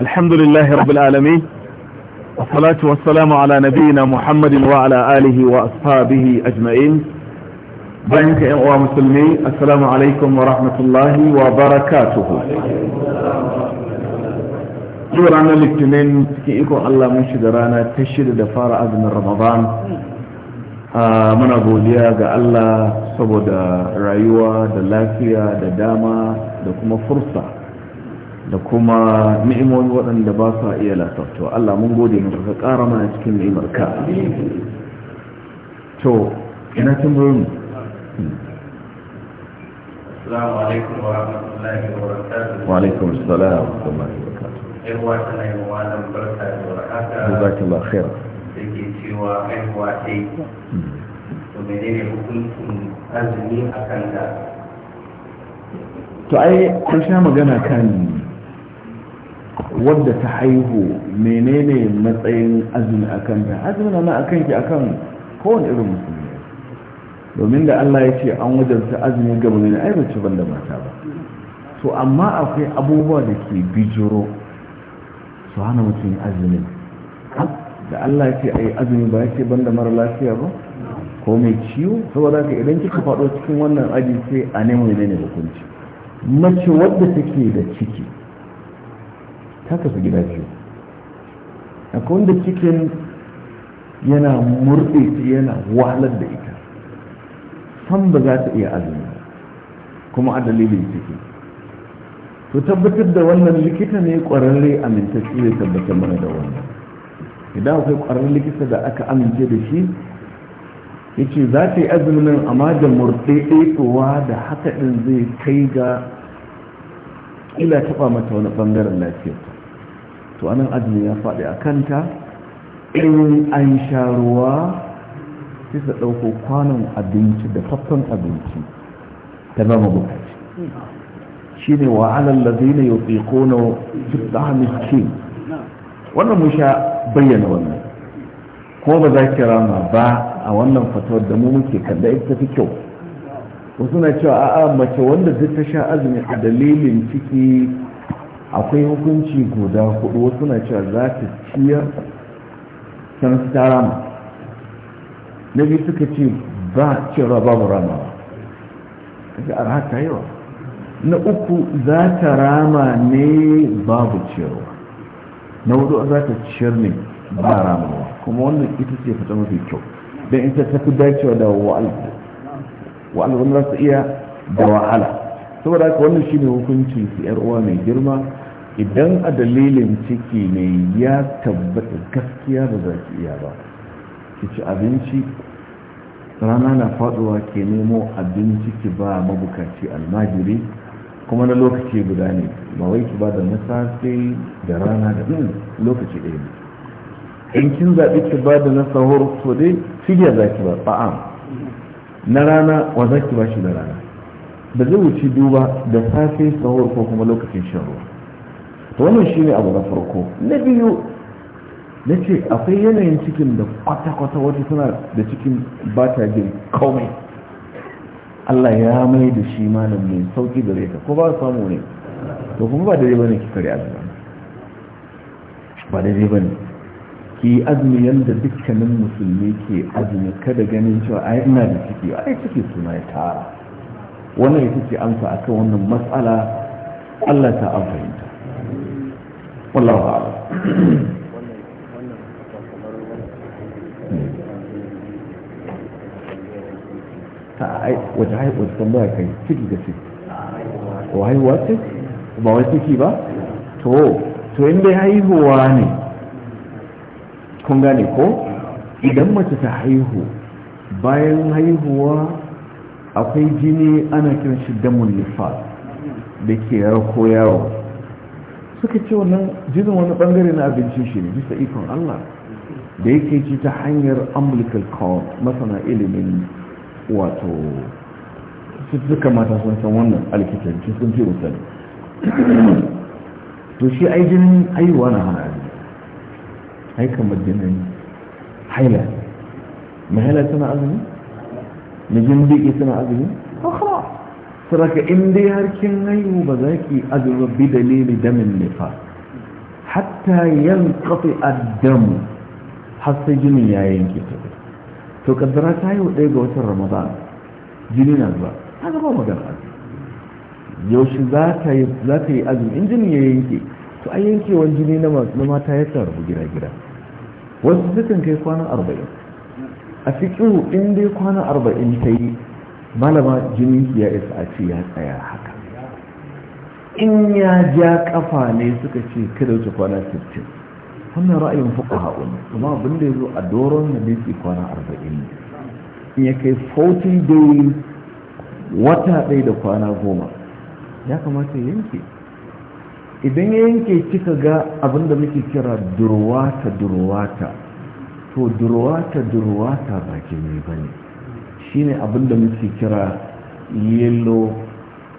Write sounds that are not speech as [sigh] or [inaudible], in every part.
الحمد لله رب العالمين والصلاة والسلام على نبينا محمد وعلى آله وأصحابه أجمعين بينك إغواء مسلمي السلام عليكم ورحمة الله وبركاته جورانا الاجتنين تكيئكو الله من شدرانا تشد دفار أذن رمضان muna godiya ga Allah saboda rayuwa da lafiya da dama da kuma fursa da kuma ni'imomi waɗanda ba sa iya lasafto Allah mun gode maka ka ƙara mana cikin ni'imar to ina tambayoyin Assalamu alaikum wa rahmatullahi wa barakatuh Wa alaikum assalam wa rahmatullahi wa barakatuh Irwa tana yi wa malam barka da warhaka Jazakallahu khairan haihuwa haihuwa to menene hukuncin azumi a kan da to ai kun sha magana kan wadda ta haihu menene matsayin azumi a kan ta azumi na a kanki a kan kowane irin musulmi domin da Allah ya ce an wajarta azumi ga mai ai bace ban da mata ba to amma akwai abubuwa da ke bijiro su hana mutum azumi da Allah ya ce a yi azumi ba ya ce ban da mara lafiya ba ko mai ciwo saboda ka idan kika faɗo cikin wannan aji sai a nemi ne ne hukunci mace wadda take da ciki ta kasu gida biyu akwai wanda cikin yana murɗe ta yana wahalar da ita san ba za ta iya azumi kuma a dalilin ciki to tabbatar da wannan likita ne ƙwararre amintacce zai tabbatar mana da wannan idan akwai ƙwararren likita da aka amince da shi yace za ta yi azumin amma da murɗaɗɗewa da haka ɗin zai kai ga ila taɓa mata wani ɓangaren lafiya to anan azumi ya faɗi a kanta in an sha ruwa sai ta ɗauko kwanon abinci da faffan abinci ta ba mabukaci shi ne wa alallazi ne ya tsiko na wannan mun sha bayyana wannan ko ba za ki rama ba a wannan fatawar da mu muke kada ita tafi kyau wasu na cewa a'a mace wanda duk ta sha azumi a dalilin ciki akwai hukunci guda hudu wasu na cewa za ta ciyar san ta rama na biyu suka ce ba cewa babu rama kaga arha ta yawa na uku za ta rama ne babu cewa na hudu za ta ciyar ne ba ramawa kuma wannan ita ce fata mafi kyau don ita ta fi dacewa da wa'ala wa'ala wanda za su iya da wahala saboda haka wannan shine hukuncin su yar uwa mai girma idan a dalilin ciki ne ya tabbata gaskiya ba za ki iya ba ki ci abinci rana na faduwa ke nemo abinci ki ba mabukaci almajiri kuma na lokaci guda ne ba wai ki ba da na safe da rana da hmm, lokaci ɗaya ne in kin zaɓi ki ba da na sahur to dai fidiya za ki ba ta'am na rana wa za ki ba shi da rana da zai wuce duba da safe sahur ko kuma lokacin shan ruwa to wannan shine abu na farko na biyu na ce akwai yanayin cikin da kwata-kwata wata suna da cikin bata ta jin komai Allah ya mai da shi malam mai sauki gare ta ko ba samu ne to kuma ba daidai bane ki kare azumi ba daidai bane ki azumi yanda dukkanin musulmi ke azumi kada ganin cewa ai ina da ciki ai ciki suna ya tara wannan yake ce amsa akan wannan mas'ala Allah ta amfani ta wallahu a'lam ta wajen haihuwa tambaya kai ciki da ciki ko haihuwa ce ba wani ciki ba to to in dai haihuwa ne kun gane ko idan mace ta haihu bayan haihuwa akwai jini ana kiran shi damun nifas da ke rako yawo suka ce wannan jinin wani bangare na abincin shi ne bisa ikon Allah da yake ci ta hanyar umbilical cord masana ilimin wato duka mata sun san wannan alkitanci sun fi wutar to shi ai jinin haihuwa na hana ai kamar jinin haila mai haila suna azumi mai jinin biki suna azumi akhra saraka in dai har kin haihu ba za ki azumi bi dalili damin nifa hatta yanqati ad-dam har sai jinin ya yanke ta to kaddara ta yi ɗaya ga watan ramadan jini na zuwa ta zama magana yaushe za ta yi azumi in jini ya yanke to an wani jini na mata ya rabu gida-gida wasu sukan kai kwanan arba'in a fiƙi in dai kwanan arba'in ta yi malama jinin ya isa a ce ya tsaya haka in ya ja kafa ne suka ce kada wuce kwana sittin. wannan ra'ayin fuka haƙun kuma abin da ya zo a doron na nufi kwana arba'in in ya kai 40 dai wata ɗaya da kwana goma ya kamata ya yanke idan ya yanke kika ga abin da muke kira durwata durwata to durwata durwata ba ke ne ba ne shi ne abin da muke kira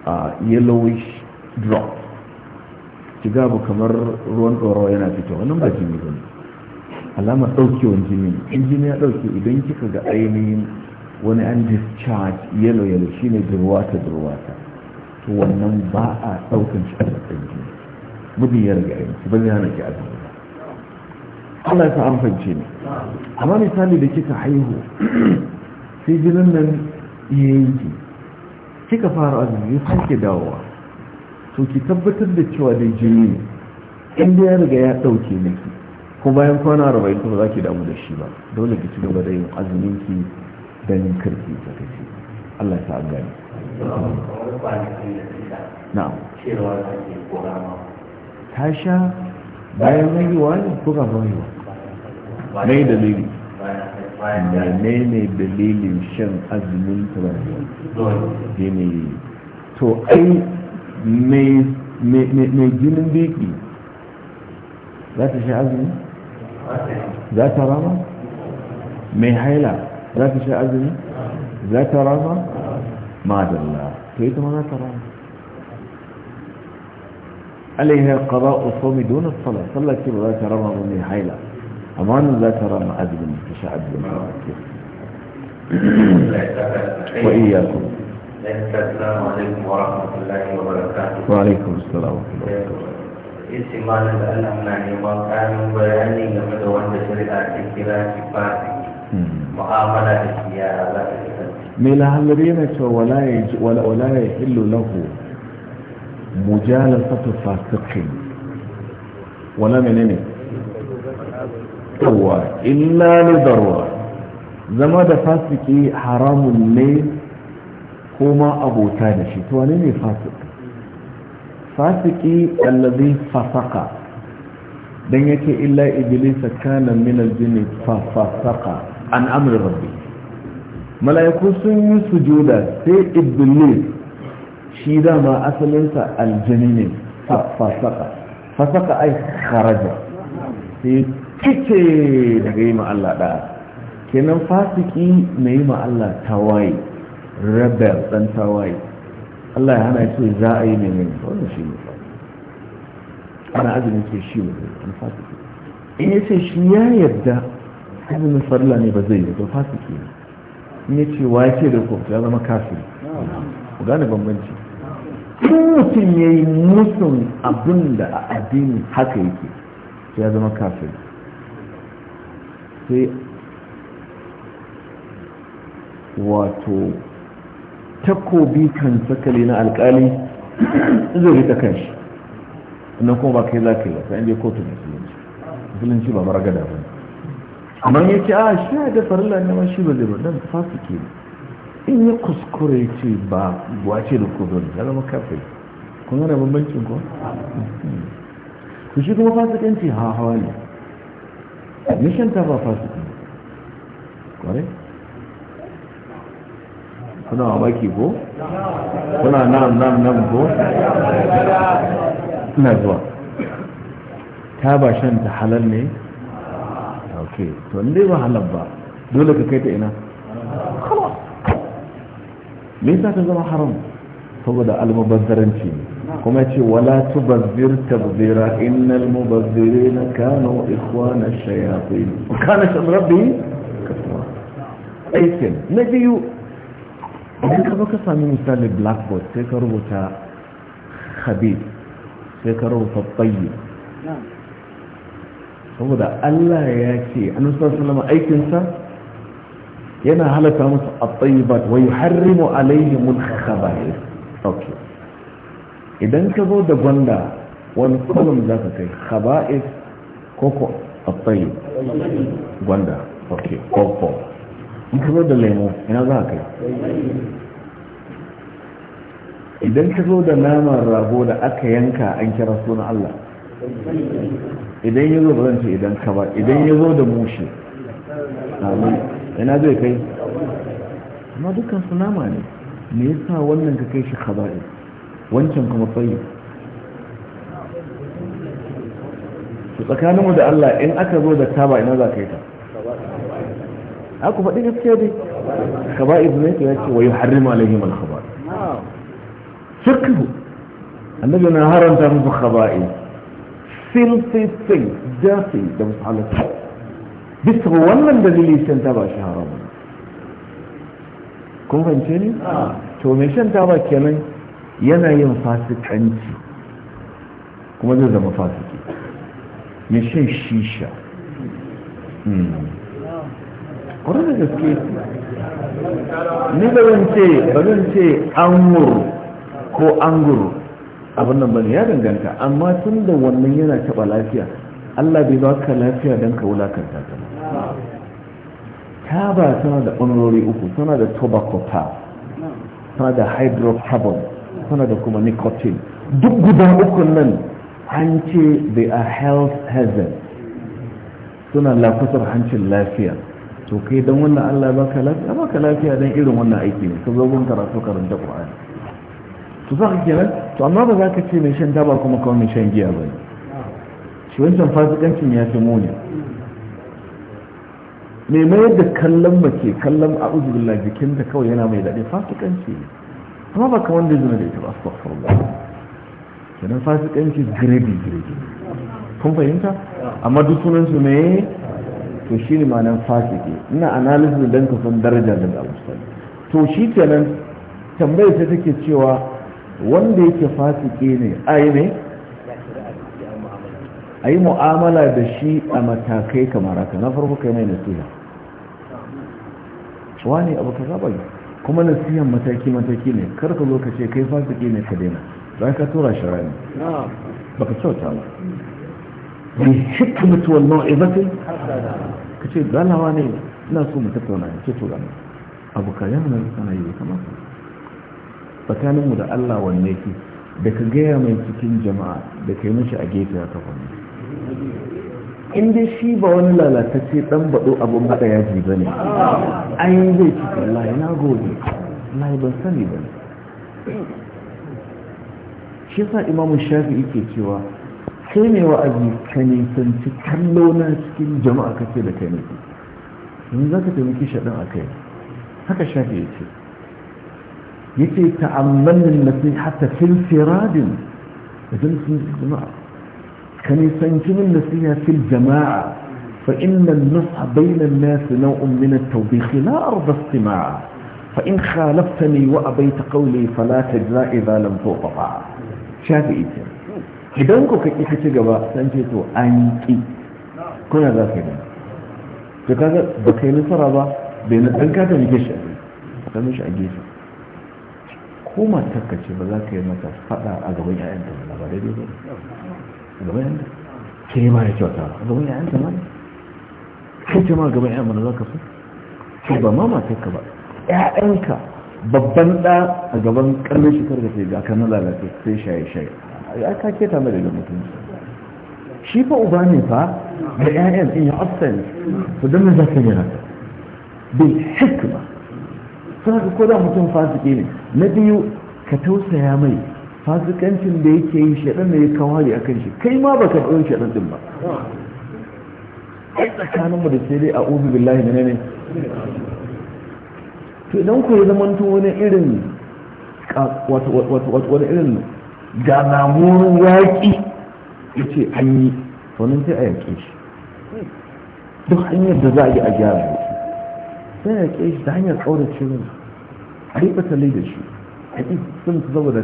ah, yellowish drop ba kamar ruwan ɗorawa yana fito wannan ba jini ba ne. alamar ɗaukewan jini in jini ya ɗauke idan kika ga ainihin wani an discharge yellow yellow shine durwata durwata to wannan ba a ɗaukan shi a ɗan jini mutum ya riga yanzu ba zai hana ki azumi Allah ya sa an ne amma misali da kika haihu [clears throat] sai jinin nan ya kika fara azumi ya sake dawowa to ki tabbatar da cewa dai jini ne inda ya riga ya ɗauke miki ko bayan kwana arba'in kuma za ki damu da shi ba dole ki ci gaba da yin azumin ki da yin karfi ta kashi Allah ya sa an gani na'am ta sha bayan haihuwa ne ko ga haihuwa na yi dalili mene ne dalilin shan azumin turare ne to ai mai jinin biki za ta sha azumi za ta rama mai haila za ta sha azumi za ta rama madalla to ita ma za ta rama عليها قضاء الصوم دون الصلاة صلى كيف لا ترى من حيلة أمان لا ترى ما أدبن تشعب وإياكم السلام عليكم ورحمة الله وبركاته وعليكم السلام ورحمة الله وبركاته yace malam da Allah muna neman ƙarin bayani game da wanda shari'a ta kira kifati mu'amala da kiyara za ta kasance mai lahalari yana cewa wala ya wala ya illu lahu mujalasatu fasiqin wala menene yawa illa li darura zama da fasiki haramun ne ko ma abota da shi to wane ne fasik fasiki allazi fasaka dan yake illa iblisa kana min aljinni fasaka an amri rabbi mala'iku sun yi sujuda sai iblis shi dama asalinsa aljini ne fasaka fasaka ai kharaja sai kice daga yi ma Allah da kenan fasiki na yi ma Allah tawaye rebel ɗan tawaye Allah ya hana ya ce za a yi ne ne wannan shi ne ana azumi ce shi ne alfasiki in ya ce shi ya yarda azumin farla ne ba zai yi ba fasiki ne in ya ce wa ya ce da ko ya zama kafin ku gane bambanci mutum ya yi musun abin da a addini haka yake ya zama kafin sai wato takobi kan sakali na alkali zai ta kan shi nan kuma ba kai za ka yi ba sai an je kotun musulunci musulunci ba mara gada ba amma ya ce a ah, shi ya da rila ne ma shi ba zai ba dan fasike ne in ya kuskure ce ba wace da ku zoni ya zama kafin kun gana bambancin ko ku shi kuma fasu ha hawa ne mishanta ta ba fasiki ne kwarai kuna mamaki ko kuna nan nan nan ko ina zuwa ta ba shan ta halal ne ok to inda ba halal ba dole ka kai ta ina kala me yasa ta zama haram saboda almubazzaranci ne kuma ya ce wala tubazzir tabzira innal mubazzirina kanu ikhwana shayatin kana shan rabbi kaswa aikin na biyu idan ka baka sami misali blackboard sai ka rubuta habib sai ka rubuta tsayi saboda allah ya ce an anusar salama aikinsa yana halatta musu a tsayi ba wai harrimu alaihi mun haka idan ka zo da gwanda wani kolum za ka kai haba'is koko a tsayi gwanda ok koko in ka zo da lemo ina za ka idan ka zo da naman rago da aka yanka an kira sunan Allah idan ya zo ba idan ka ba idan ya zo da mushe ina zai kai amma dukkan su nama ne me yasa wannan ka kai shi khaba'i wancan kuma tsayi su tsakaninmu da Allah in aka zo da taba ina za ka yi ta aku faɗi gaskiya dai khaba'id ne ya ce wa yuharrimu alaihim al-khaba'id fiqhu annabi na haranta musu khaba'id filthy things dirty da musu halatta bisa wannan dalili shan taba shi haramun kun fahimce ni to mai shan taba kenan yana yin fasikanci kuma zai zama fasiki mai shan shisha kwanar da gaske ni ba zan ce ba zan ce ko anguru abin nan bane ya danganta amma tun da wannan yana taɓa lafiya Allah bai baka lafiya dan ka wulakanta ta ba ta ba tana da ɓangarori uku tana da tobacco ta tana da hydrocarbon tana da kuma nicotine duk gudan uku nan an ce they are health hazard suna lafasar hancin lafiya to kai don wannan Allah baka lafiya baka lafiya don irin wannan aiki ne ka zo gun karatu karanta Qur'ani to za ka kenan to amma ba za ka ce mai shan taba kuma kawai mai shan giya ba shi wancan fasikancin ya fi muni mai mayar da kallon mace kallon a uzubillah jikinta kawai yana mai daɗi fasikanci ne amma ba kawai wanda zuna da ita ba su kenan fasikanci giredi giredi kun fahimta amma duk sunan su ne to shi ne manan fasiki ina analysis don ka san darajar da abu to shi kenan tambayar ta take cewa wanda yake fasiki ne ai ne a yi mu'amala da shi a matakai kamar haka na farko kai mai nasiha wani abu ka zaba kuma nasihan mataki-mataki ne karka zo ka ce kai fasiki ne ka daina za ka tura shi rami cewa ta ba بالحكمة والموعظة كتير mu له أنا لا سوم تكون أنا كتير أنا أبو كريم أنا أنا يجي كمان فكان مدى الله والنيكي daga gaya mai cikin jama'a da kai mashi a gefe ya kafa in dai shi ba wani lalatacce dan bado abun bada yaji ba ne an zai ci wallahi na gode ban sani ba ne shi sa imamu shafi yake cewa kai ne wa'azi ka nisanci kallo na cikin jama'a ka ce da kai ne in za ka taimaki shaɗin a kai haka shafi ya ce ya ce ta'ammanin nasihata fil firadin idan sun jama'a ka nisanci min nasiha fil jama'a فإن النصح بين الناس نوع من التوبيخ لا أرضى استماع فإن خالفتني وأبيت قولي فلا تجزى إذا لم تطبع شافئي idan ku kaki ka ci gaba san ce to an ki kuna za ka yi nan to kaga ba kai nasara ba bai na ɗan kata ne shi a gefe shi a gefe ko matar ka ce ba za ka yi mata faɗa a gaban ƴaƴanta ba ba daidai ba a gaban ta ke ma da kyauta a gaban ta ma kai ce ma gaban ƴaƴan na za ka fi to ba ma matar ka ba ƴaƴanka babban ɗa a gaban ƙarnin shekarar da ke ga kan lalace sai shaye shaye ya kake ta mai da mutum shi fa uba ne fa da ƴaƴan in ya absent to dan za ka yi haka bil hikma sai ka koda mutum fasiki ne na biyu ka tausaya mai fasikancin da yake yi shaɗan ne ya kawari a kan shi kai ma baka ɗauki shaɗan din ba ai tsakaninmu da sai dai a ubi billahi ne ne to idan ku ya zama wani irin wato wani irin ga mamurin yaƙi ya ce an yi tonin sai a yaƙe shi duk hanyar da za a yi a gyara yake sai a yaƙe shi da hanyar ƙaurace cewa a yi fatalai da shi a yi sun saboda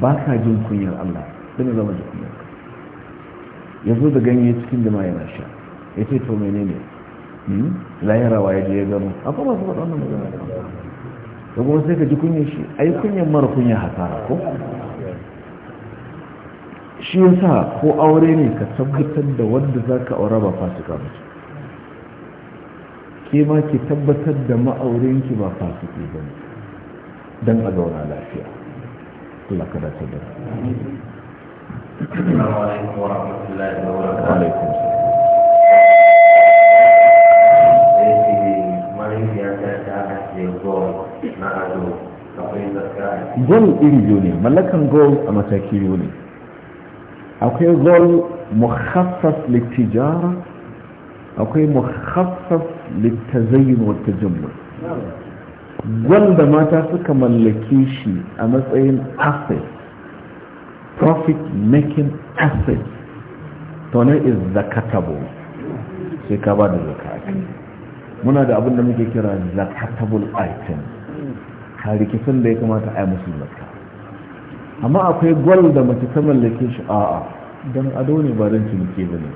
ba sa jin kunyar Allah sun yi zama da kunyar ya zo da ganye cikin jama'a yana sha ya ce to menene hmm? layarawa ya je ya gano akwai masu faɗa wannan magana da kuma sai ka ji kunyar shi yi kunyar mara kunyar hasara ko shi ya sa ko aure ne ka tabbatar da wanda za ka aura ba fasika ba ke ma ke tabbatar da ma'aurenki ba fasiki ba ne don a zauna lafiya Allah ka dace da Gol iri biyu ne, mallakan gol a mataki biyu ne. akwai zol mukhassas littijara akwai mukhassas littazayyin wata jimmur wanda mata suka mallake shi a matsayin asset profit making asset to ne is zakatable sai ka ba da zakati muna da abin da muke kira zakatable item harikicin da ya kamata a yi musu amma akwai gwal da mace ta mallake shi a'a don ado ne ba don ciniki ba ne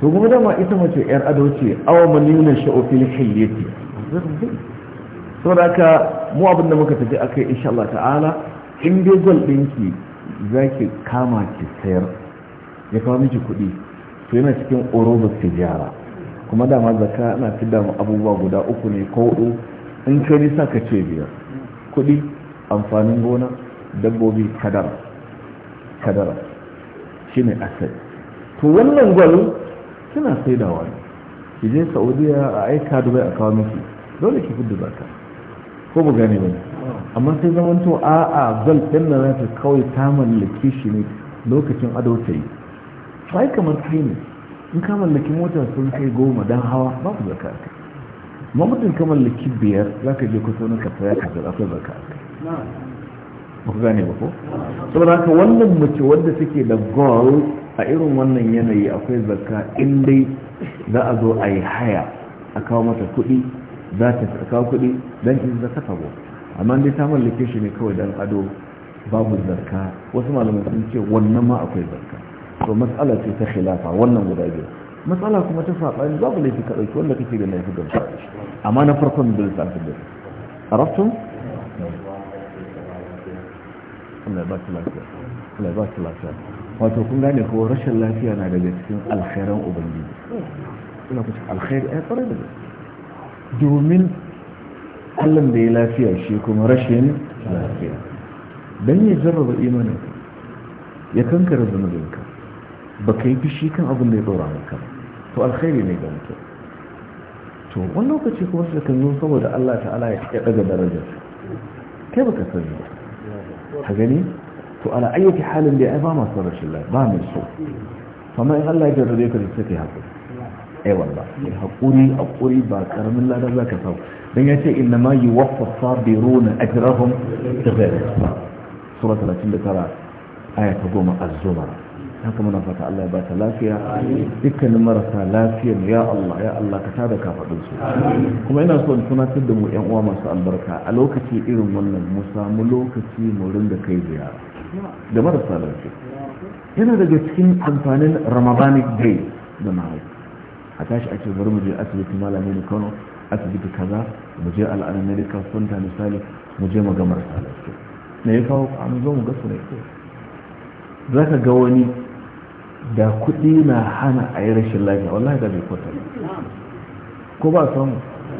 to kuma dama ita mace yar ado ce awa manina sha'ofin hilyati da aka mu abin da muka tafi akai insha Allah ta'ala in dai gwal ɗinki ki zaki kama ki sayar ya kawo miki kuɗi to yana cikin orobar tijara kuma dama zaka ana fi damu abubuwa guda uku ne ko hudu in ka nisa ka ce biyar kuɗi amfanin gona dabbobi kadara kadara ne asset to wannan gwal suna saidawa ne ki je saudiya a aika dubai a kawo miki dole ki fidda baka ko mu gane ba amma sai zaman to a a gwal ɗin da za ta kawai ta mallake shi ne lokacin ado ta yi ai kamar kai ne in ka mallaki mota sun kai goma dan hawa babu zaka kai ma mutum ka mallaki biyar za ka je kusa na ka saya ka zaɓa zaka kai ku gane ba ko saboda haka wannan mace wanda take da goal a irin wannan yanayi akwai zakka in dai za a zo a yi haya a kawo mata kuɗi za ta kawo kuɗi don in zakka sabo amma dai ta mallake shi ne kawai dan ado babu zakka wasu malamai sun ce wannan ma akwai zakka to matsala ce ta khilafa wannan guda biyu matsala kuma ta saɓani babu laifi ka ɗauki wanda kake da laifi gaba amma na farkon bil sa'ad da arabtum Allah ya ba ta lafiya ya wato kun gane ko rashin lafiya na daga cikin alkhairan ubangiji ina ku cikin alkhairi eh, ai tsare da domin Allah da ya lafiya shi kuma rashin lafiya dan ya jarraba imanin ya kankara zunubinka ba ka yi fishi kan abin da ya dora maka to alkhairi ne ga mutum to wani lokaci kuma sai kan zo saboda Allah ta'ala ya daga darajar kai baka sani ba ka gani to ala ayyuki halin da ya ba masu rashin lafiya ba mai so amma in Allah ya jarrabe ka da sai kai haƙuri ai walla mai haƙuri haƙuri ba karamin ladan za ka samu dan ya ce inna ma yuwaffa sabiruna ajrahum bi ghairi hisab sura 39 aya ta goma az-zumar haka muna fata Allah ya bata lafiya dukkanin marasa lafiyan ya Allah ya Allah ka tada kafadun su kuma ina so in tunatar da mu yan uwa masu albarka a lokaci irin wannan mu samu lokaci mu rinda kai ziyara da marasa lafiya yana daga cikin amfanin Ramadanic day da ma'ai a tashi ake bari mu je asibiti malamin Kano asibiti kaza mu je al'adar medical center misali mu je mu ga marasa lafiya me ya kawo an zo mu ga su ne za ka ga wani da kuɗi na hana a yi rashin lafiya wallahi da bai kwata ko ba samu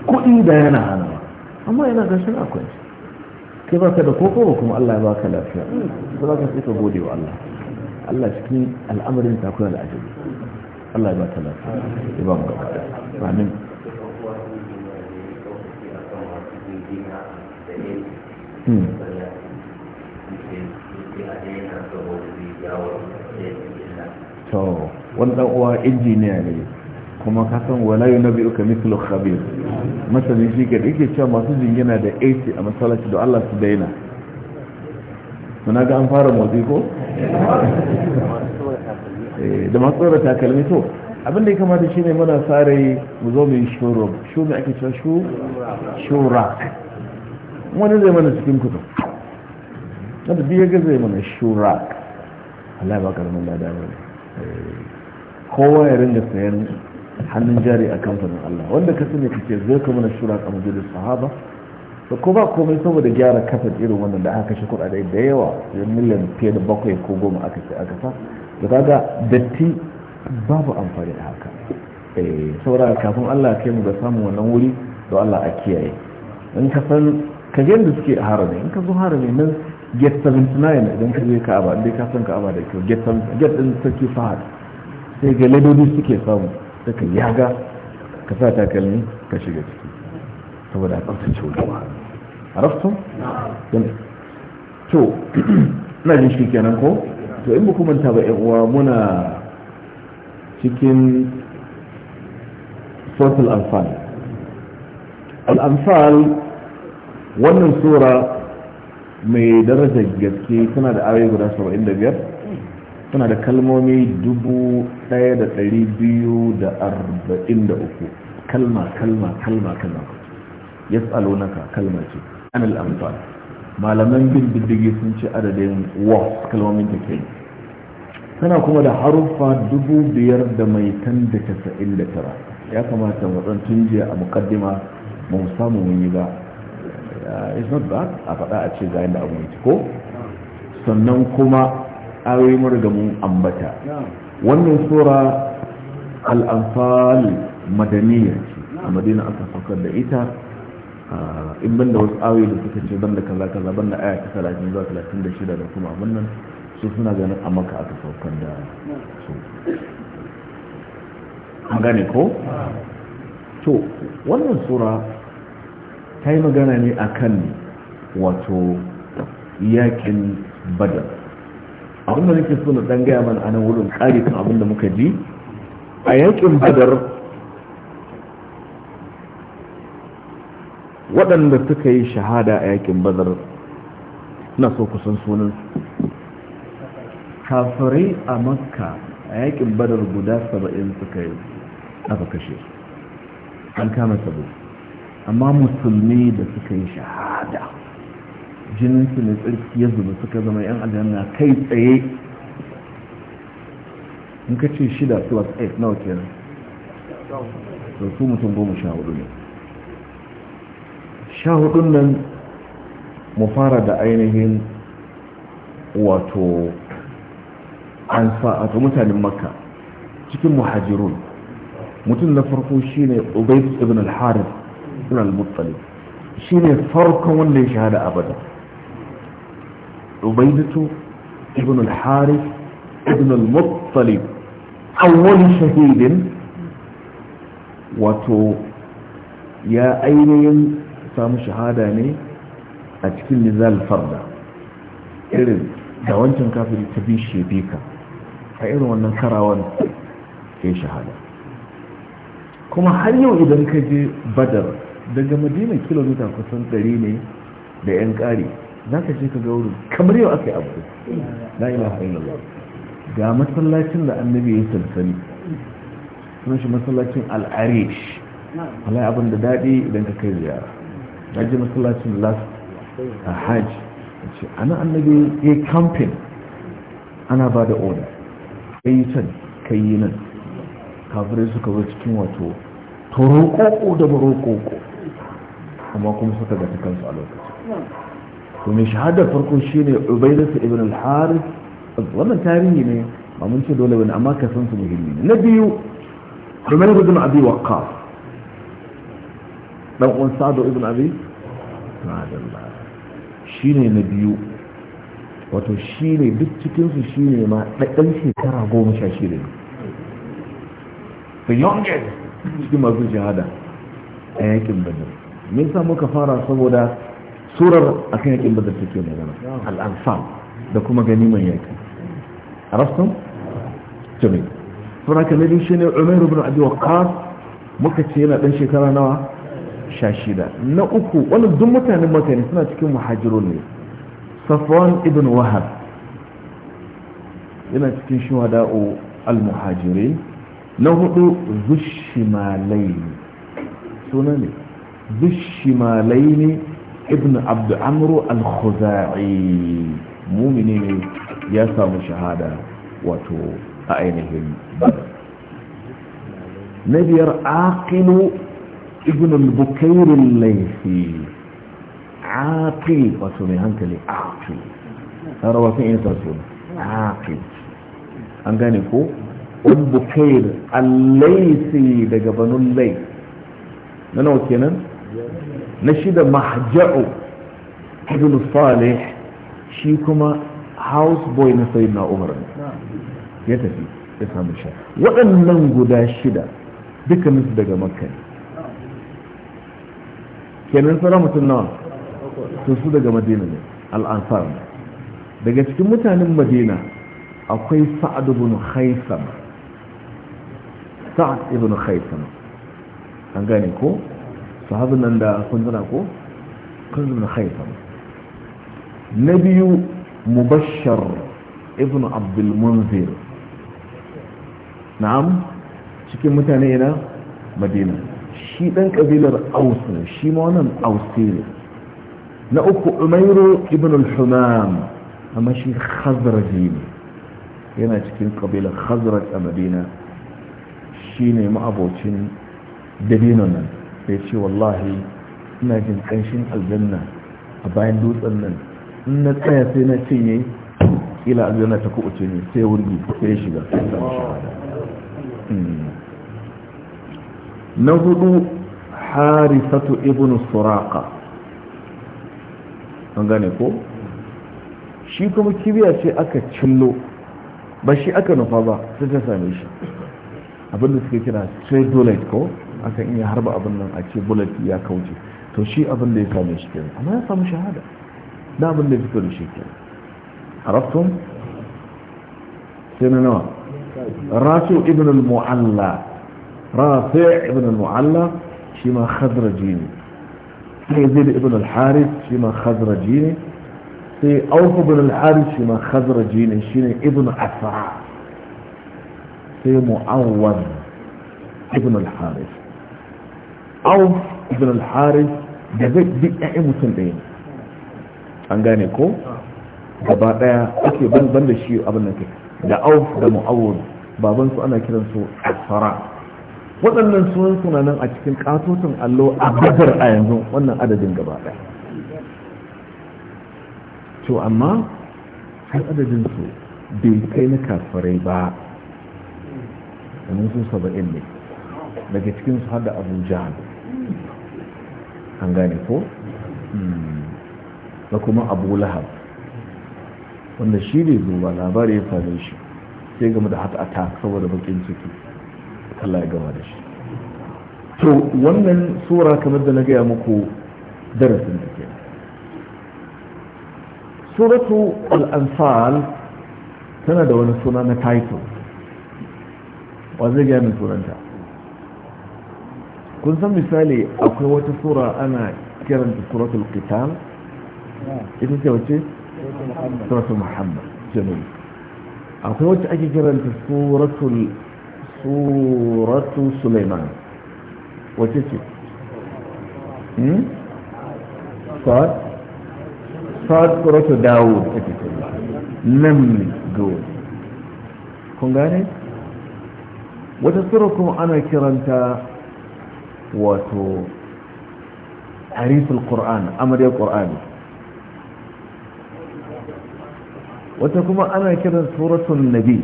kuɗi da yana hana ba amma yana gashin akwai kai ba ka da koko ba kuma Allah ya ba ka lafiya ba ka sai ka gode wa Allah Allah cikin al'amarin ta kula da ajabi Allah ya ba ka lafiya ya ba mu gaba da amin Hmm. to wani dan uwa injiniya ne kuma ka san wala nabi uka mislu khabir masanin shi ke yake cewa masu jingina da AC a masallaci da Allah su daina muna ga an fara motsi ko eh, da masu tsoro takalmi to abin da ya kamata shine muna sare mu zo mu yi shuru shu mai ake cewa shu shura wani zai mana cikin kudu wanda biya ga zai mana shura Allah ba karamin lada ne kowa ya ringa sayan hannun jari a kamfanin Allah wanda ka sani kake zai ka mana shura a majalis sahaba da ko ba komai saboda gyara kasar irin wannan da aka kashe kuɗaɗe da yawa yan miliyan fiye da bakwai ko goma aka ce aka sa da kaga datti babu amfani da haka eh, saboda kafin Allah kai mu ga samun wannan wuri don Allah a kiyaye in ka san ka da suke a harami in ka zo harami nan get 79 idan ka ka'aba dai ka san ka'aba da kyau get 79 get din sarki fahad sai ga ladodi suke samu da ka yaga ka sa takalmi ka shiga ciki saboda tsaftace wucewa arafto to [clears throat] ina jin shi kenan ko to in ku manta ba ya uwa muna cikin suratul anfal al wannan sura mai daraja gaske tana da ayoyi guda 75 tana da kalmomi 1243 kalma kalma kalma kalma Ya na ka kalma ce an al'amfa malaman bin diddigi sun ce adadin wa kalmomin ta kai tana kuma da haruffa tara? ya kamata matsan tun jiya a mukaddima Mun mu samu mun yi ba Uh, is not bad a faɗa a ce za da abu yake ko sannan kuma ayoyi murga mun ambata wannan tsora al madaniya ce a madina aka saukar da ita uh, in ban da wasu ayoyi da suka ce ban da kaza kaza ban da ayyata talatin zuwa talatin da shida da kuma abin nan su suna ganin a maka aka saukar da su an gane ko to wannan tsora ta yi magana ne a kan wato yakin badar abinda nake so na dan gaya mana a nan wurin ƙari kan abinda muka ji a yakin badar waɗanda suka yi shahada a yakin badar na so kusan sunan kafirai a makka a yakin badar guda saba'in suka yi aka kashe an kama saboda amma musulmi da suka yi shahada jininsu ne tsarki ya zuba suka zama yan aljanna kai tsaye in ka ce shida plus 8 nawa kenan da su mutum goma sha hudu ne sha hudun nan mu fara da ainihin wato an sa'ata mutanen makka cikin muhajirun mutum na farko shine ubaisu ibn al-harith ibn al-muttalib shine farkon wanda ya shahada abada ubaidatu ibn al haris ibn al-muttalib awwal shahidin wato ya ainihin samu shahada ne a cikin nizal farda irin da wancan kafiri ta bishe bika a irin wannan karawan ke shahada kuma har yau idan ka je badar daga madina kilomita kusan ɗari ne da yan ƙari za ka ce ka ga wurin kamar yau aka yi abu na ila hain Allah ga masallacin da annabi ya sansani sunan shi masallacin al'arish Allah ya abin da daɗi idan ka kai ziyara na ji masallacin las a hajj a ce ana annabi ya yi kamfin ana ba da oda ka yi can ka yi nan kafirai suka zo cikin wato to roƙoƙo da ba amma kuma suka ga kansu a lokacin to me shahada farko shine ubaydah ibn al-harith wannan tarihi ne ba mun ce dole bane amma ka san su muhimmi ne nabiyu biyu Umar ibn Abi Waqqas dan uwan Sa'd ibn Abi anhu shine nabiyu wato shine duk cikin su shine ma da dan shekara 16 ne the youngest cikin masu shahada a yakin Badr me yasa muka fara saboda surar akan yakin badar take magana al-anfal da kuma gani ganiman yaki arastum jami sura kamar shi ne Umar ibn Abi Waqqas muka ce yana dan shekara nawa Sha shida. na uku wani duk mutanen Makka suna cikin muhajirun ne Safwan ibn Wahab yana cikin shuhada'u al-muhajirin na hudu zushimalai suna ne bishimalai ibn abdu amru al-khuzai mumini ne ya samu shahada wato a ainihin na biyar aqilu ibn al-bukair aqil wato mai hankali aqil yin aqil an gane ko bukair al laifi daga banun laif kenan na shida mahja'u ibn salih shi kuma boy na na umar ne ya tafi ya samu sha waɗannan guda shida duka nisu daga makka ne kenan sara mutum nawa to su daga madina ne al'ansar ne daga cikin mutanen madina akwai sa'ad ibn khaisam sa'ad ibn khaisam an gane ko sahabin nan da zana ko kunzuna haifar na biyu mubashar ibn Munzir. na'am cikin mutane na madina shi ɗan ƙabilar ausu shi ma wannan ausu na uku umairu ibn al-humam amma shi khazraji ne yana cikin kabilar khazraj a madina shi ne ma'abocin dabinon nan sai ce wallahi ina jin kanshin aljanna a bayan dutsen nan in na tsaya sai na cinye ila aljanna ta kuɓuce ne sai wurgi sai shiga sai ta hmm. na hudu harisatu ibn suraka an gane ko shi kuma kibiya ce aka cillo ba shi aka nufa ba sai ta same shi abinda suke kira trade ko akan iya harba abin nan a ce bullet ya kauce to shi abin da ya same shi kenan amma ya samu shahada da abin da ya fito da shi kenan عرفتم سننوى رافع ابن المعلى رافع ابن المعلى شما خضرجيني يزيد ابن الحارث شما خضرجيني في أوف بن الحارث شما خضرجيني شما ابن أسعى في معوض ابن الحارث auf ibn al-haris da zai duk ƴaƴan mutum ɗaya an gane ko gaba ɗaya ake ban da shi abin nan kai da auf da mu'awud baban su ana kiran su asfara waɗannan sunan suna nan a cikin katotin allo a badar a yanzu wannan adadin gaba ɗaya to amma har adadin su bai kai na kafirai ba a sun saba'in ne daga cikin su har da abu jahal an gane ko hmm. da kuma abu lahab wanda shi ne zuwa labari ya fara shi sai game da hata ta saboda bakin ciki Allah ya gama da shi to wannan sura kamar da na gaya muku darasin da ke suratu al'amfal tana da wani suna na title wa zai gaya min كنت مثالي او كنت صورة انا كرم بصورة القتال اذا كنت صورة محمد جميل او كنت اجي كرم بصورة صورة سليمان وتشي صاد صاد صورة داود نمي قول كنت قاني وتصوركم انا كرمتا wato harisul qur'an amaryar qur'ani wata kuma ana kiran suratun nabi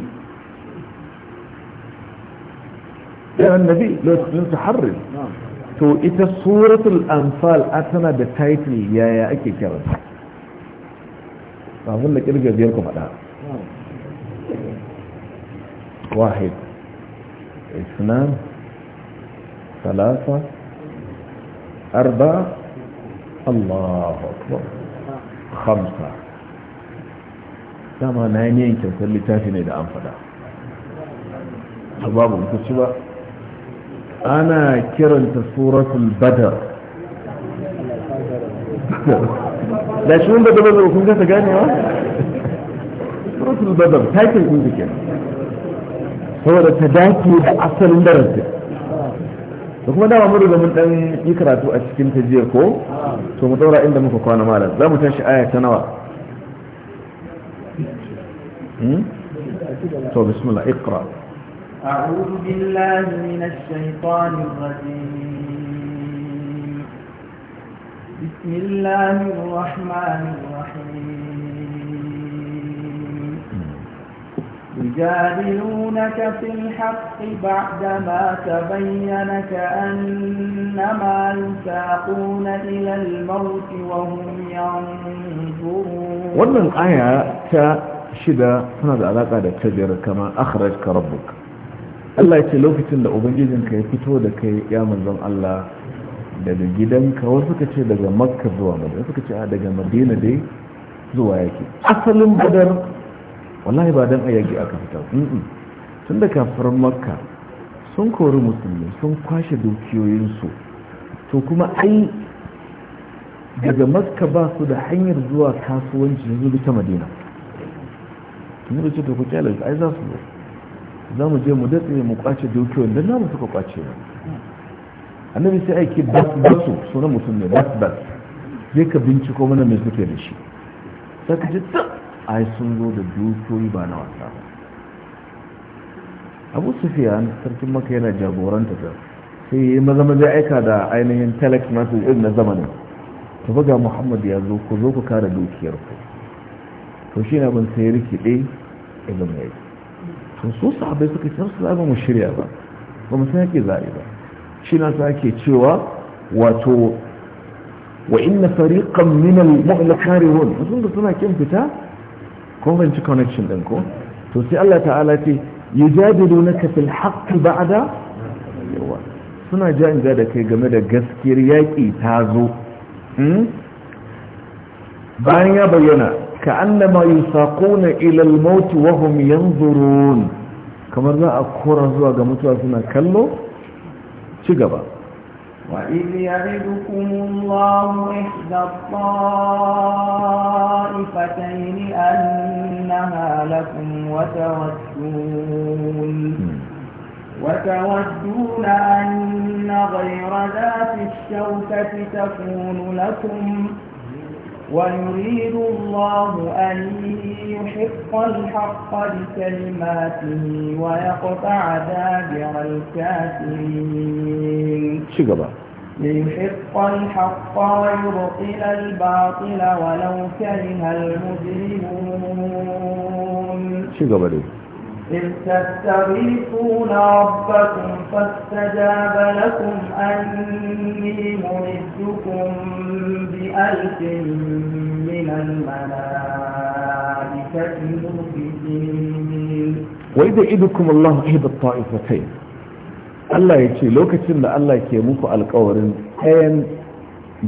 ɗan nabi lokacin su harrin to ita suratul anfal a tana da title yaya ake kiran kafin da kirga biyar ku faɗa wahid islam ثلاثة أربعة الله أكبر خمسة كما نانيين كتلي تافين إذا أنفدا حبابه الكتبة أنا كرنت سورة البدر لا شون بدر بدر وكم جاتا قاني سورة البدر تاكل كنت كنت هو التداكي بأصل درجة da kuma dama mun mun dan yi karatu a cikin tajiya ko to mu daura inda muka kwana malam za mu tashi aya ta nawa to bismillah iqra a'udhu billahi minash الشيطان الرجيم bismillahir rahmanir rahim يجادلونك في الحق بعدما تبين كأنما يساقون إلى الموت وهم ينظرون wannan aya ta shida suna da alaka da tajiyar kama akhrajka rabbuk Allah ya ce lokacin da ka ya fito da kai ya manzon Allah daga gidanka wasu suka ce daga makka zuwa madina dai zuwa yake asalin badar wallahi ba don a aka fita tun da kafar makka sun kori musulmi sun kwashe dukiyoyinsu to kuma ai daga makka ba su da hanyar zuwa kasuwanci yanzu ta madina tun da ce to ku kyale ai za su za mu je mu datse mu kwace dukiyoyin don namu suka kwace ba annabi sai aiki bas basu sunan musulmi basu bas bas je ka binciko mana mai suke da shi sai ka ji ai sun zo da dukiyoyi ba na wasa ba abu sufiyan sarkin maka yana jagoranta ta sai yi maza maza aika da ainihin telex masu irin na zamanin ta buga muhammad ya zo ku zo ku kare dukiyar ku to shi na bin sai rikide ilimin ya yi to so sahabai suka ce su zaba mu shirya ba ba mu sai yake ba shi na sa ake cewa wato wa inna fariqan min al-mu'lakarun sun da suna kin fita kun connection din ko to sai Allah ta'ala ce yujadilunaka fil haqqi ba'da yawa suna ja da kai game da gaskiyar yaƙi ta zo hmm? bayan ya bayyana ka annama yusaquna ila al-maut wa hum yanzurun kamar za a kora zuwa ga mutuwa suna kallo ci gaba وإذ يعدكم الله إحدى الطائفتين أنها لكم وتودون وتودون أن غير ذات الشوكة تكون لكم ويريد الله أن يحق الحق بكلماته ويقطع دابر الكافرين شكرا ليحق الحق ويبطل الباطل ولو كره المجرمون شكرا إذ تستغيثون ربكم فاستجاب لكم أني مردكم بألف من الملائكة مردفين وإذا إذكم الله إحدى الطائفتين Allah ya ce lokacin da Allah ke muku alkawarin ɗayan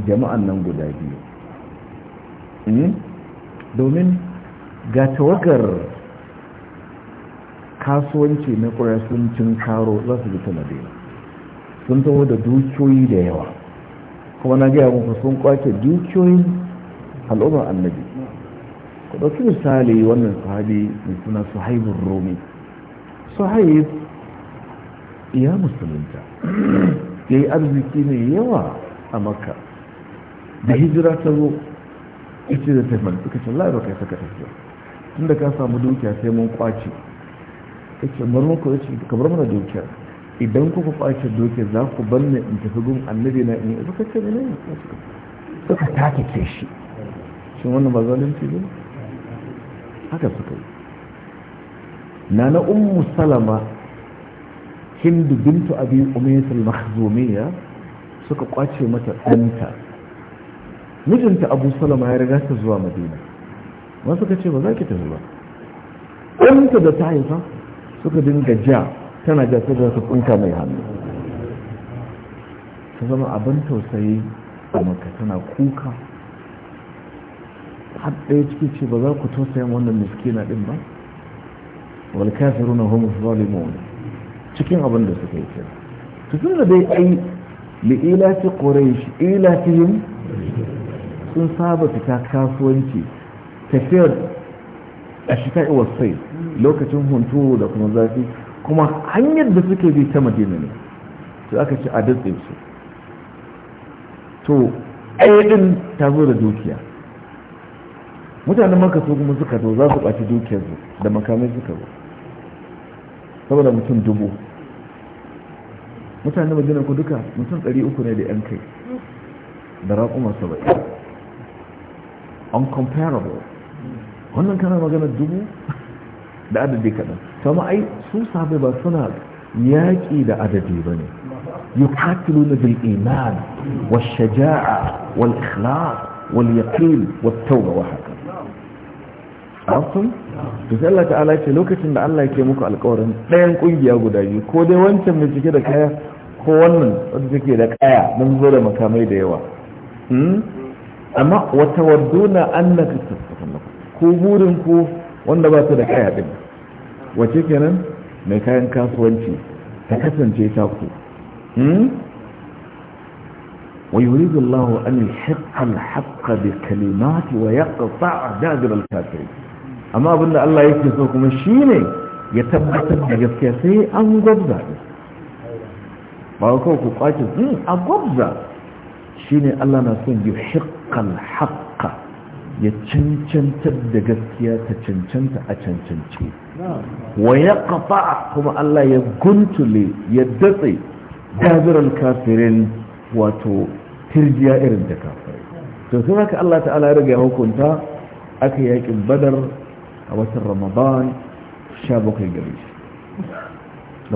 jama'an nan guda biyu domin ga tawagar kasuwanci na sun karo za su fita madina sun taho da dukiyoyi da yawa kuma na gaya muku sun kwace dukiyoyin al'ummar annabi ku ɗauki misali wannan sahabi mai suna suhaibun rumi suhaib ya musulunta [clears throat] ya yi arziki mai yawa a makka da hijira ta zo ita da taimaka suka ce la'arar kai saka tafiya tun da ka samu dukiya sai mun kwace ya ce mana idan kuka kwace dukiyar za ku banne ni in tafi gun annabi na in yi suka ce ne suka take ke shi shin wannan ba zalunci ne haka suka yi na na ummu salama hindu bintu abi umayyah al suka kwace mata danta mijinta abu salama ya riga ta zuwa madina wasu ka ce ba za ki tafi ba ɗanta da ta haifa suka dinga ja tana ja su da su kunta mai hannu ta zama abin tausayi a maka tana kuka har ɗaya ciki ce ba za ku tausaya wannan miskina ɗin ba wal kafiruna homo zalimun cikin abin da suka yi kenan to tun da dai ai li ilati quraish ilatihim sun saba fita kasuwanci tafiyar a ta'i wasai lokacin hunturu da kuma zafi kuma hanyar da suke bi ta madina ne to aka ci a datse su to ayyadin ta zo da dukiya mutanen maka su kuma suka zo za su ɓaci dukiyarsu da makamai suka zo saboda mutum dubu mutanen madina ku duka mutum ɗari uku ne da yan kai da raƙumar saba'i uncomparable wannan kana magana dubu da adadi kaɗan kama ai su ba suna yaƙi da adadi ba ne yuqatiluna bil iman wal shaja'a wal ikhlas wal yaqin wa tawba wa haka afun to sai Allah ta'ala ce lokacin da Allah yake muku alƙawarin ɗayan kungiya guda biyu ko dai wancan mai cike da kaya ko wannan wanda take da kaya don zo da makamai da yawa hmm? amma wata wadduna annaka tafi ko burin ku wanda ba su da kaya din wace kenan mai kayan kasuwanci ta kasance ta ku hmm? wa yuridu Allah an yuhiqqa al-haqqa bi kalimati wa yaqta'a da'ir al-kafirin amma abinda Allah yake so kuma shine ya tabbatar da gaskiya sai an gwabza ba ko ku kwace hmm, a gwabza shine Allah na son yuhiqqa al-haqqa ya cancantar da gaskiya ta cancanta a cancance wa ya kafa kuma Allah ya guntule ya datse dabiran kafirin wato tirjiya irin da kafirai to sun haka Allah ta'ala ya riga hukunta aka yakin badar a watan ramadan 17 gare shi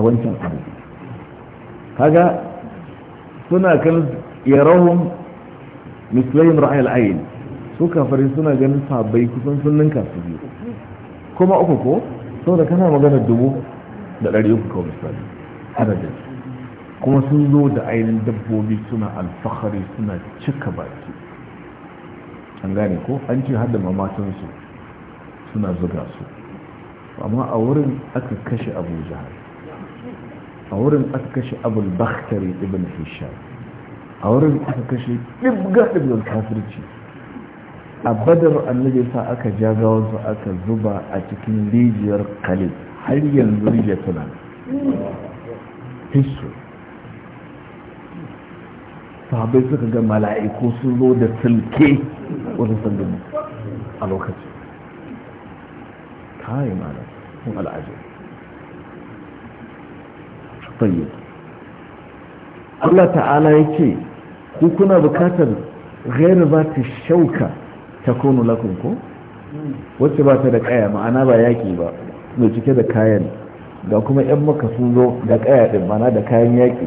da wancan abu kaga suna kan yarahum mislayin ra'ayil ayin ko kafari suna ganin sabai kusan sun ninka su biyu kuma uku ko saboda kana magana dubu da ɗari uku kawai misali adadin kuma sun zo da ainihin dabbobi suna alfahari suna cika baki an gane ko an ce hada su suna zuga su amma a wurin aka kashe abu jihar a wurin aka kashe abul bakhtari ibn hisham a wurin aka kashe ɗibga ɗibgar kafirci a badar annabi sa aka ja gawansu aka zuba a cikin rijiyar khalid har yanzu rijiyar tana hisu sahabai suka ga mala'iku sun zo da sulke wasu sandini a lokaci yi mana sun al'ajir tsaye Allah ta'ala ya ce ku kuna bukatar gairu ba ta shauka takunu lakum ko wacce ba ta da kaya ma'ana ba yaki ba mai cike da kayan ga kuma yan maka sun zo da kaya din ma'ana da kayan yaki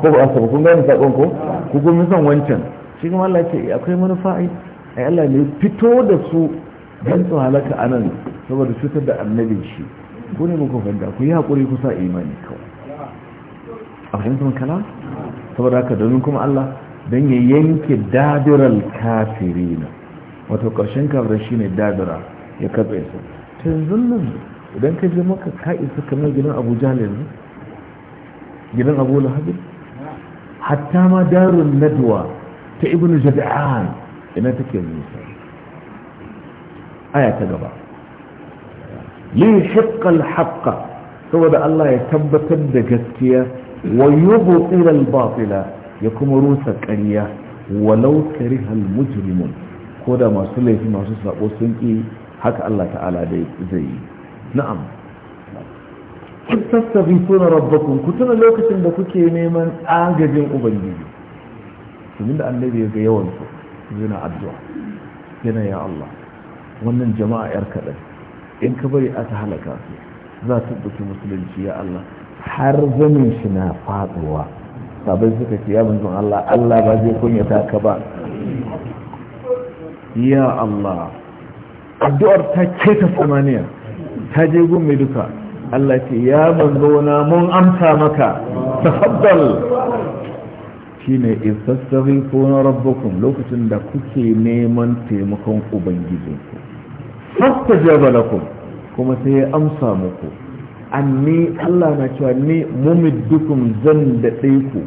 ko ba asaba kun gani sakon ko ku kun san wancan shi kuma Allah ce eh, akwai manufa ai ai Allah ne fito da su dan su halaka anan saboda cutar da annabin shi ku ne muku fanda ku yi hakuri ku sa imani kawai a fahimtar kalam saboda haka domin kuma Allah dan ya yanke dadiral kafirina wato ƙarshen shi ne dadara ya karɓe su ta yanzu nan idan ka je maka ka isa kamar gidan abu jahal yanzu gidan abu lahabi hatta ma darun nadwa ta ibn jada'an ina take nisa aya ta gaba li haqqal haqqa saboda Allah ya tabbatar da gaskiya wa yubtil al batila ya kuma rusa ƙarya walau karihal mujrimun ko da masu laifi masu sabo sun ƙi haka Allah ta'ala da zai yi na'am kun sassabi suna rabbakun ku tuna lokacin da kuke neman agajin ubangiji domin da annabi ya ga yawan su yana addu'a yana ya Allah wannan jama'a yar kaɗan in ka bari a ta halaka su za ta musulunci ya Allah har zamin shi na faɗuwa sabai suka ce ya manzon Allah Allah ba zai kunyata ka ba ya Allah addu'ar ta ta samaniya ta je gun mai duka Allah ce ya manzo na mun amsa maka tafaddal shine na rabbukum lokacin da kuke neman taimakon ubangijinku fastajaba lakum kuma sai ya amsa muku anni Allah na cewa ni dukun zan da ku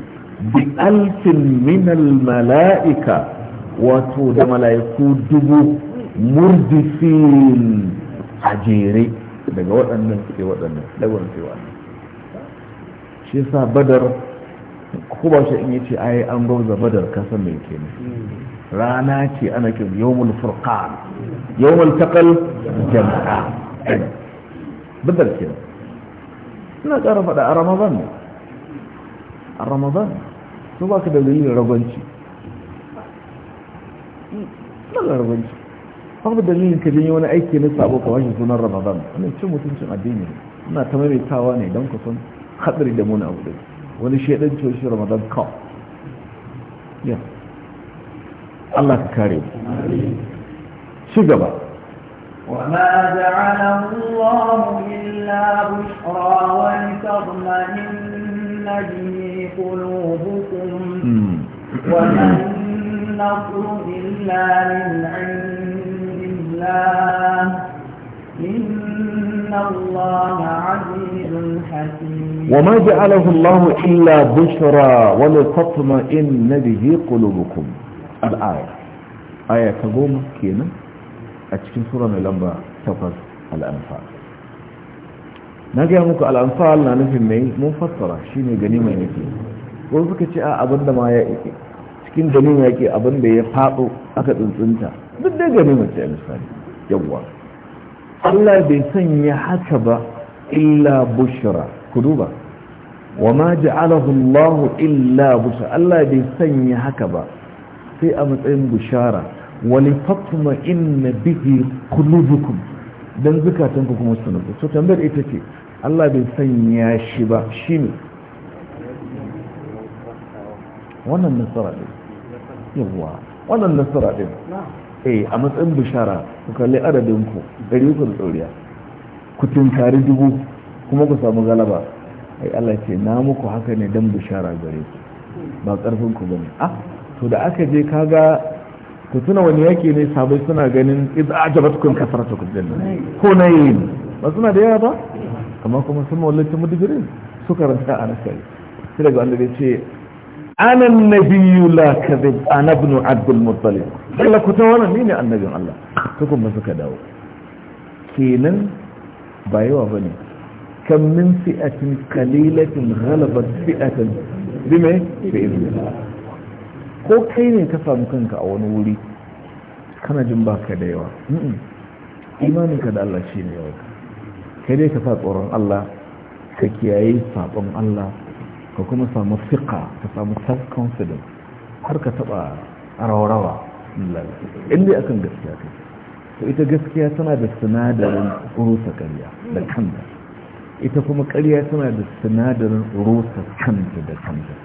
bi alfin minal mala'ika wato da mala'iku dubu murdifin a jere daga waɗannan sai waɗannan daga sai waɗannan shi yasa badar ko ba shi in yace ai an gauza badar ka mai me kenan rana ce ana kiran yawmul furqan yawmul taqal jam'a badar kenan ina ƙara faɗa a ramadan ne a ramadan su ba ka da dalilin ragwanci na larabanci babu dalilin ka janyo wani aiki na sabo ka washe sunan ramadan wannan cin mutuncin addini ina ta maimaitawa ne don kusan hadari da muni abu wani shaidan ciwo shi ramadan ka ya Allah ka kare shi gaba وما جعله الله إلا بشرى ولتغمئن به قلوبكم وما النصر إلا من عند الله إن الله عزيز حكيم وما جعله الله إلا بشرى ولتطمئن به قلوبكم الآية آية تقوم كينا أتكين سورة لما تفز الأنفال نجي muku الأنفال na nufin mai mun شيني shine ganima yake ko suka ce a cikin ganin yaƙi abin da ya faɗo aka tsuntsunta duk dai gani mace misali yawwa Allah bai sanya haka ba illa bushra ku duba wa ma ja'alahu Allah illa bushra Allah bai sanya haka ba sai a matsayin bushara wa li fatma inna bihi qulubukum dan zukatanku kuma su to tambayar ita ce Allah bai sanya shi ba shine wannan nasara ne yawwa wannan nasara din eh a matsayin bishara ku kalli adadin ku gari ku da tsoriya ku tunkari dubu kuma ku samu galaba ai Allah ce na muku haka ne dan bishara gare ku ba karfin ku bane ah to da aka je kaga ku tuna wani yake ne sabai suna ganin iz ajabatkum kasratukum dinna ko nayin ba suna da yawa ba amma kuma sun mawallace mudigirin suka ranta a nasari sai daga wanda ya ce ana nabiyu la kadhib ana ibn abdul muttalib Allah ku tawana ni ne annabin Allah tukun ba suka dawo kenan ba yawa bane kam min fi'atin qalilatin ghalabat fi'atan bima bi'iznillah ko kai ne ka samu kanka a wani wuri kana jin baka da yawa imaninka da Allah shine yawa kai dai ka sa tsoron Allah ka kiyaye sabon Allah ka kuma samu fiƙa ka samu self-confidence har ka taba rawa-rawa inda akan gaskiya kai to ita gaskiya tana da sinadarin rusa kariya da kanta ita kuma kariya tana da sinadarin rusa kanta da kanta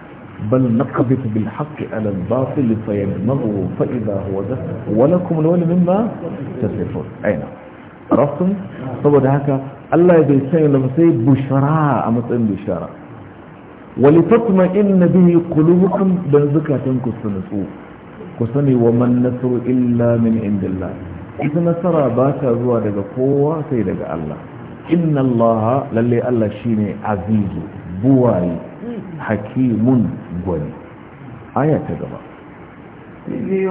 bal naqbit bil haqqi ala al batil fa yadmaghu fa idha huwa zah wa lakum lawl mimma tasifun aina arafun saboda haka Allah ya bai sanya lamsai bushara a matsayin bushara wali fatma inna bihi qulubukum dan zukatan ku su nutsu ku sani wa man nasru illa min indillah ita nasara ba ta zuwa daga kowa sai daga Allah inna Allah lalle Allah shine azizu buwayi hakimun gwani aya ta gaba إذ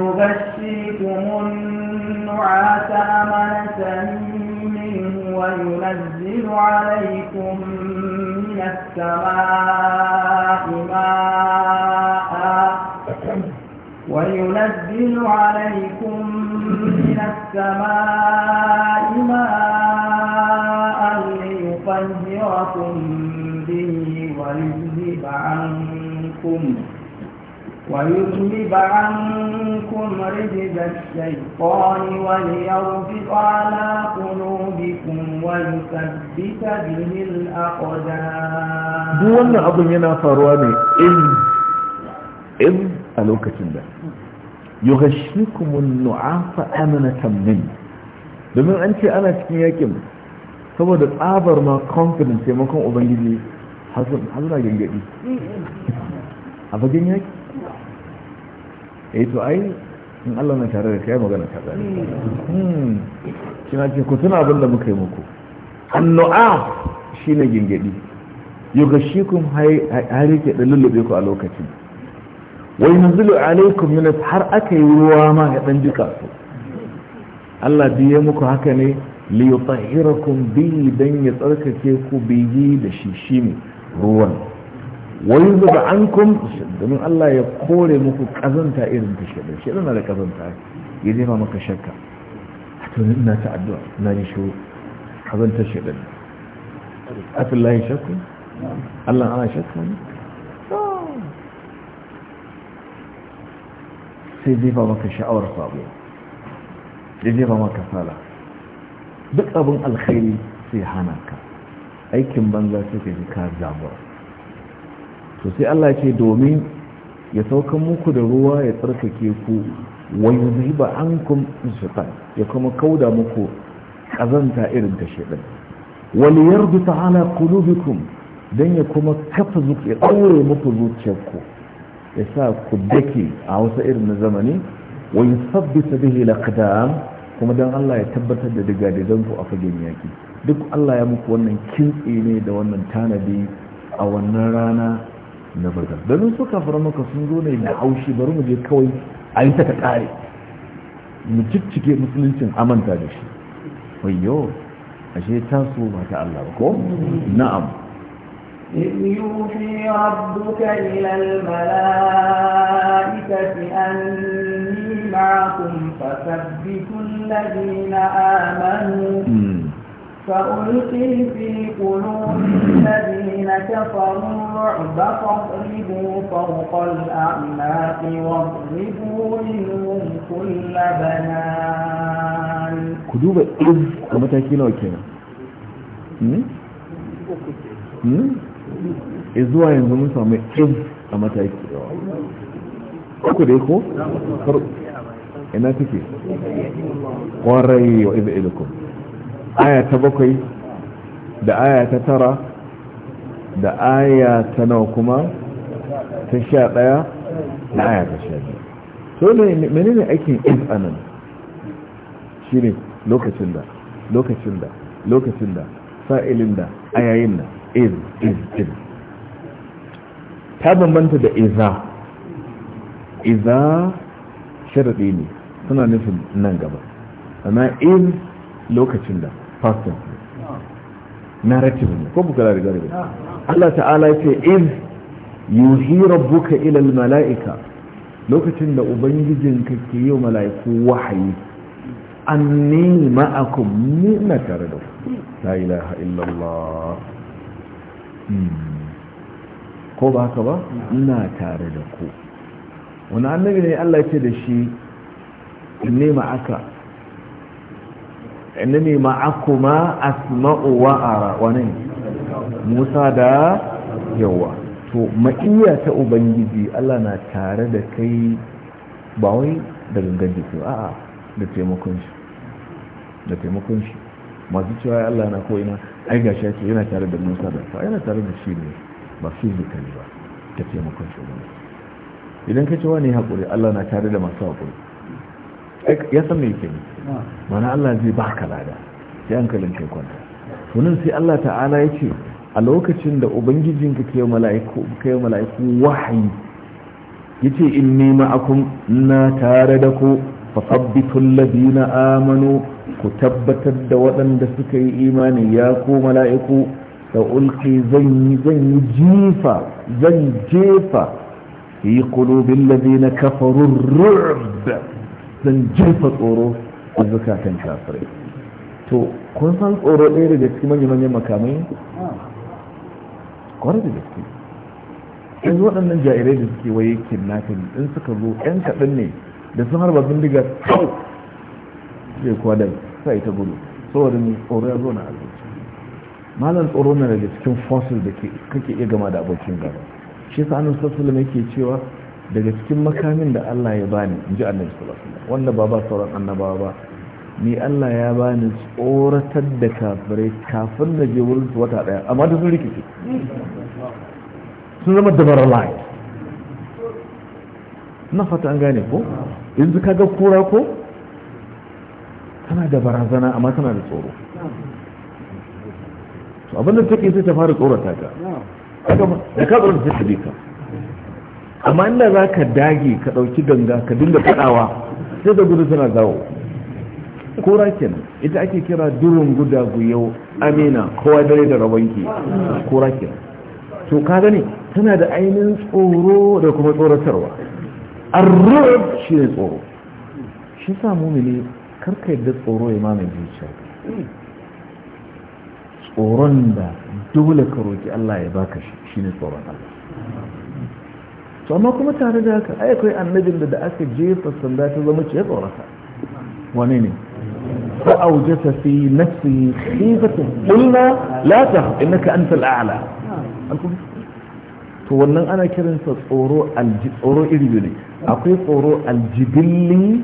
النعاس أمنة منه وينزل عليكم من السماء ماء وينزل عليكم من السماء ماء ليطهركم به ويذهب عنكم ويذهب عنكم رجز الشيطان وليربط على قلوبكم ويثبت به الأقدام دو wannan abun yana faruwa ne in a lokacin da yughashshikumun domin an ce ana cikin yakin saboda tsabar ma confidence taimakon ubangiji har suna gangadi a fagen yaki eh to ai in Allah na tare da kai magana ta hmm kina ce ku tuna abin da muka yi muku annu'a shine gingedi yugashikum harike da lullube ku a lokacin wai nazulu alaikum min har aka yi ruwa ma ya dan jika su Allah biye muku haka ne li yutahhirakum bi dan ya tsarkake ku biyi da shishimi ruwan wai zuba an kum domin Allah ya kore muku kazanta irin ta shaɗin shaɗin na da kazanta ya zema maka shakka a tunin ina ta addu'a na ji shi kazantar shaɗin afin layi shakku Allah ana shakka ne sai jefa maka sha'awar sabo ya jefa maka sala duk abin alkhairi sai hana ka aikin banza sai ka ji ka zamura to sai Allah ce domin ya sauka muku da ruwa ya tsarkake ku wani zuhiba an shaitan ya kuma kauda muku ƙazanta irin ta shaitan wani yardu ala kulubikum don ya kuma kafa zuci ya ɗaure muku zuciyarku ya sa ku dake a wasu irin na zamani wani sabbisa bihi laqdam kuma don Allah ya tabbatar da da ku a fagen yaki duk Allah ya muku wannan kintse ne da wannan tanadi a wannan rana na bazar domin su kafin maka sun zo ne da haushi bari mu je kawai a yi ta kare mu ciccike musuluncin amanta da shi wayo ashe taso ba ta Allah ko na'am إذ يوحي ربك إلى الملائكة أني معكم فثبتوا الذين آمنوا فألقي في قلوب الذين كفروا الرعب فاضربوا فوق الأعناق واضربوا منهم كل بنان كدوب إذ ومتاكين وكينا izuwa yanzu mun samu iz a mataki uku dai ko? ina take kwarai wa izu ilukun aya ta bakwai da aya ta tara da aya ta nawa kuma ta sha ɗaya da aya ta sha biyu so ne menene aikin if anan shi ne lokacin da lokacin da lokacin da sa'ilin da a yayin da iz iz iz ta bambanta da iza iza sharaɗi ne suna nufin nan gaba amma iz lokacin da fasting narrative ne ko buga da gari Allah ta'ala ya ce iz yuhi rabbuka ila mala'ika lokacin da ka ke yi mala'iku wahayi anni ma'akum ni na tare da ku la ilaha illallah hmm. ko ba haka ba ina tare da ku wani annabi ne Allah ya ce da shi inni ma'aka innani ma'akuma asma'u wa ara wani musa da yawa to ma'iya ta ubangiji allah na tare da kai ba wai da gangan jiki a'a da taimakon shi da taimakon shi masu cewa allah na ko ina ai gashi yake yana tare da musa da fa yana tare da shi ne ba physically ba da taimakon shi ubangiji idan ka ce wani haƙuri allah na tare da masu haƙuri ya san me yake ne mana Allah zai baka lada sai kalin kai kwanta tunan sai Allah ta'ala ya ce a lokacin da ubangijinka ke mala'iku kai mala'iku ce yace inni ma'akum na tare da ku fasabbitul na amanu ku tabbatar da waɗanda suka yi imani ya ku mala'iku da ulki zan yi zan yi jifa zan jefa fi qulubil ladina kafaru ru'b zan jefa tsoro a zukatan kafirai to kun san tsoro ɗaya daga cikin manya-manyan makamai kwarar da gaske in waɗannan jairai da suke waye kidnapping in suka zo ɗan kaɗan ne da sun harba bindiga kawai zai kwadar sai ta gudu saboda ne tsoro ya zo na azuci malam tsoro na daga cikin fossil da kake iya gama da abokin gaba shi sa'anin annabi sallallahu yake cewa daga cikin makamin da Allah ya bani in ji annabi sallallahu alaihi wasallam wanda ba ba sauran annabawa ba ni Allah ya bani tsoratar da kafirai kafin da je wurin su wata daya amma da sun rikice sun zama dabarar layi na fata an gane ko yanzu kaga kura ko tana da barazana amma tana da tsoro abinda take sai ta fara tsorata ka da ka tsorata da take bi ka amma inda za ka dage ka ɗauki ganga ka dinga faɗawa sai da gudu suna zawo koraken kenan ita ake kira durin guda guyau amina kowa dare da rabanki ko kenan to ka gani tana da ainihin tsoro da kuma tsoratarwa arruf shi ne tsoro shi sa mumini karka yadda tsoro ya mamaye zuciya tsoron da dole ka roki Allah ya baka shi shine tsoron Allah to amma kuma tare da haka ai akwai annabin da da aka jefa sanda ta zama ce ya tsorata wani ne fa aujata fi nafsi khifatan illa la taf innaka antal a'la to wannan ana kiran sa tsoro alji tsoro iri ne akwai tsoro aljibilli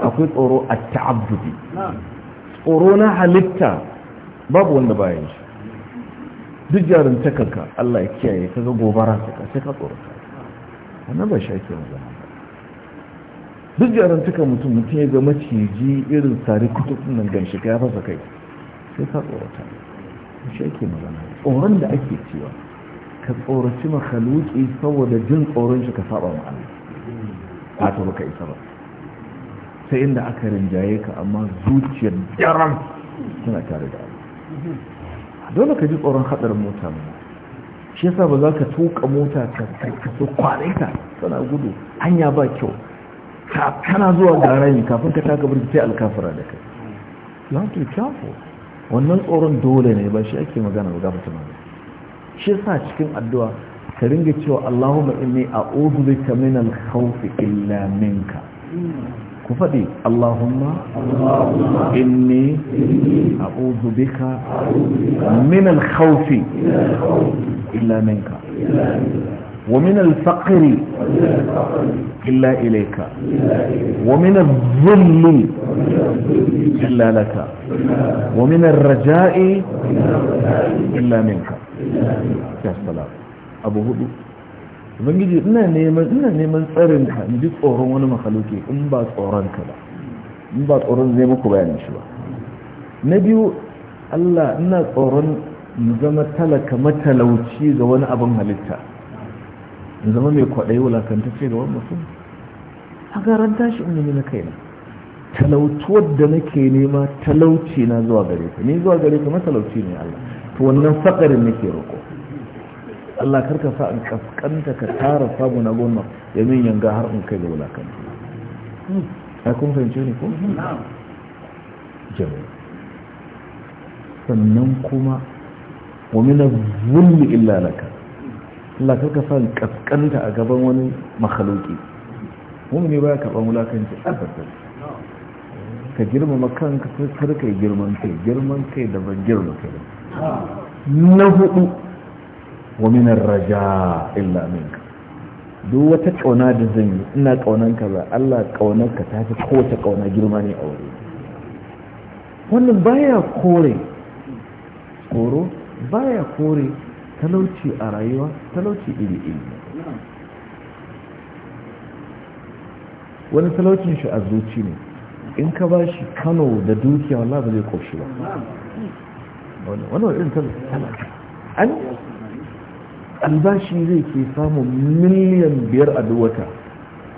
akwai tsoro at-ta'abbudi tsoro na halitta babu wanda bayan shi duk jarin takanka Allah ya kiyaye kaga gobara ta sai ka tsoro wannan ba shi ake magana ba duk tuka mutum mutum ya ga maciji irin tsari kututun nan shiga ya fasa kai sai ka tsorata shi ake magana tsoron da ake cewa ka tsoraci makaluki saboda jin tsoron shi ka saba ma Allah ba ta baka isa ba sai inda aka rinjaye ka amma zuciyar jaran suna tare da Allah dole ka ji tsoron hadarin mota mai shi yasa ba za ka tuka mota ka so kwarai ta tana gudu hanya ba kyau kana zuwa ga rami kafin ka taka birki sai alkafara da kai ya to wannan tsoron dole ne ba shi ake magana ba mutum ba shi yasa cikin addu'a ka ringa cewa Allahumma inni a'udhu bika min al-khawfi illa minka ku faɗi Allahumma inni a ƙuzubika minan kaufi illa minka wa minan faƙiri illa ilaika wa minan zulmi illa wa minan raja'i illa minka hudu ubangiji ina neman ina neman tsarin ka ni tsoron wani makhluki in ba tsoron ka ba in ba tsoron zai muku bayani shi ba na biyu Allah ina tsoron mu zama talaka matalauci ga wani abin halitta in zama mai kwaɗayi wulakantacce ga wani mutum a garan tashi in nemi na kaina talautuwar da nake nema talauci na zuwa gare ka ni zuwa gare ka matalauci ne Allah to wannan fakarin nake roƙo Allah karka sa an kaskanta ka tara samu na gona ya min yanga har in kai da wulakanta Ai kun fahimce ne ko? jami'a sannan kuma wa mina zulmi illa laka Allah karka sa an kaskanta a gaban wani makhaluki mun ne baya karban wulakanci abadan ka girma makan ka sai karka girman kai girman kai da ban girma kai na hudu wa min raja illa minka duk wata kauna da zan yi ina kaunan ka ba Allah kaunar ka tafi ta kauna girma ne a wuri wannan baya kore koro baya kore talauci a rayuwa talauci iri iri wani talaucin shi a zuci ne in ka ba shi kano da dukiya wallah ba zai koshi ba wani wani irin talauci an albashi zai ke samun miliyan biyar a duwata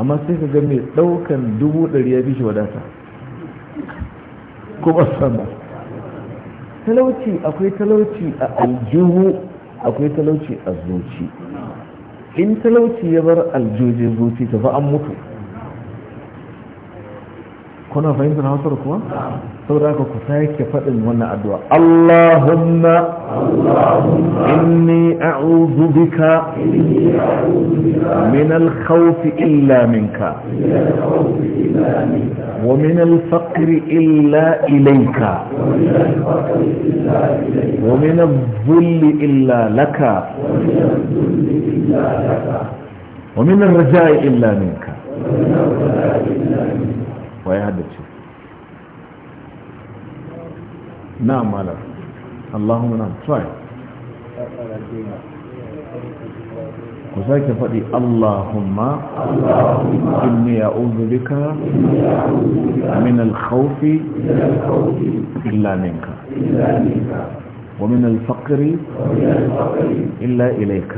amma sai ka ga mai ɗaukan dubu ɗari ya bishi wadata kuma sama talauci akwai talauci a aljihu akwai talauci a zuci in talauci ya bar aljojin zuci fa an mutu kuna fahimtar hausar kuwa saboda haka ku sake faɗin wannan addu'a Allahumma inni a'udhu bika min al-khawf illa minka wa min al-faqr illa ilayka wa min al-dhull illa laka ومن الرجاء إلا منك wa ya haddace na malar allahumma try ku sake faɗi allahumma inni ya bika min alkhawfi illa minka ومن الفقر إلا إليك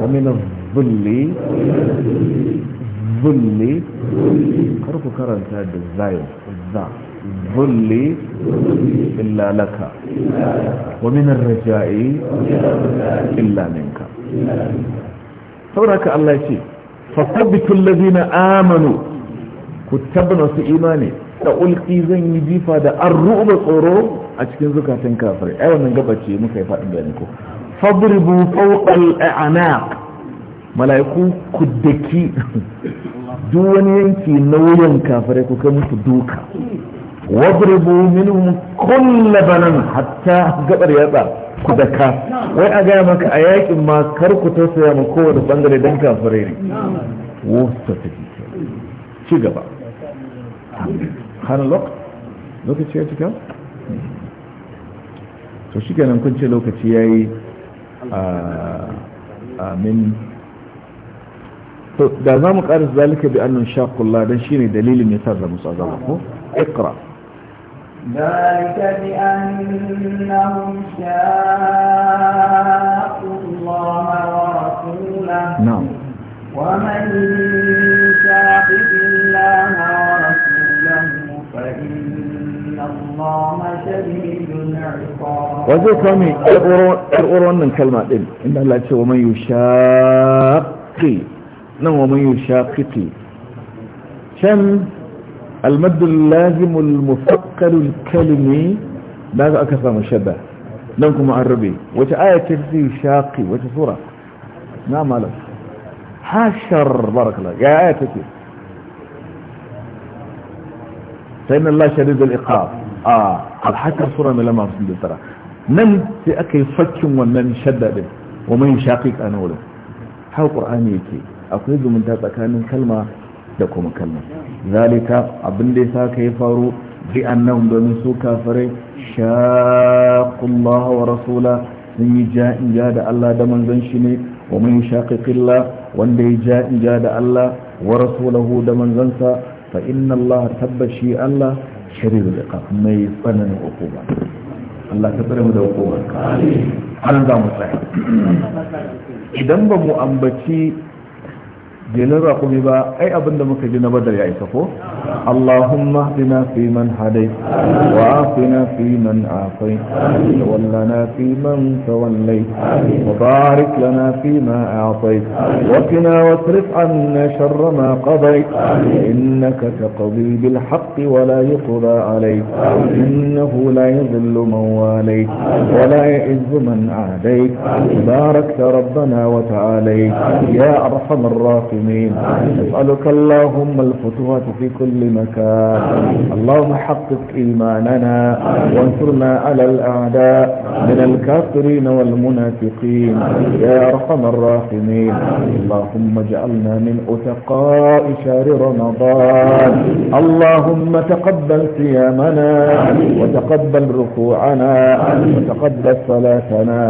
ومن الظل ظل ku karanta da zayin za zulli illa laka wa min rajai illa minka sauraka Allah ce fasabbitu allazina amanu ku tabbana su imani da ulki zan yi jifa da arruba tsoro a cikin zukatan kafir ai wannan gabace muka yi faɗin gani ko fadribu fawqa al-a'naq malaiku kuddaki duk wani yanki nauyin kafirai ku kai musu duka wadribu minhum kulla banan hatta gabar yatsa ku daka wai a gaya maka a yakin ma kar ku tausaya ma kowane bangare dan kafirai ne wasta ta ci gaba lok lokaci ya cika to shi kenan kun ce lokaci yayi yi ah, min. to da za mu ƙarar zalika bi آن shakullah don shi ne dalilin ya da musu azaba ko ikra ذلك بأنهم شاقوا الله ورسوله نعم ومن يُشَاقِ الله ورسوله فإن الله شديد العقاب وزي كامي ارقروا الكلمة إن الله nan من man شم المد اللازم المثقل الكلمي ماذا أكثر مشبه لنكم معربي وتآية تفسير شاقي وتسورة نعم مالك حاشر بارك الله يا آية تفسير فإن الله شديد الإقاب آه الحاشر سورة من لما رسل ترى من سأكي فتش ومن شبه ومن يشاقيك أنا ولم حاول قرآن يكي akwai zumunta tsakanin kalma da kuma kalma zalika abin da yasa ka yi faru, bi annahum domin su kafirai shaqullaha wa rasula sun yi ja'in ja da Allah da manzon shi ne wa man yushaqiqillah wanda ya ja'in ja da Allah wa rasulahu da manzansa fa inna Allah tabbashi Allah shari'ul iqab mai tsananin hukuma Allah ta tsare mu da hukumar ka amin an za mu tsaya idan ba mu ambaci ginin rakumi ba ai abinda muka ji na badar ya isa ko Allahumma hdina fi man hadai wa afina fi man afai wa wallana fi man tawallai wa barik lana fi ma a'tai wa qina wasrif anna sharra ma qadai innaka taqdi bil haqqi wa la yuqda alayk innahu la yadhillu man walayk wa la yu'izzu man adayk barakta rabbana wa ta'alayk ya arhamar rahimin المسلمين نسألك اللهم الفتوة في كل مكان اللهم حقق إيماننا وانصرنا على الأعداء من الكافرين والمنافقين يا أرحم الراحمين اللهم اجعلنا من أتقاء شهر رمضان اللهم تقبل صيامنا وتقبل ركوعنا وتقبل صلاتنا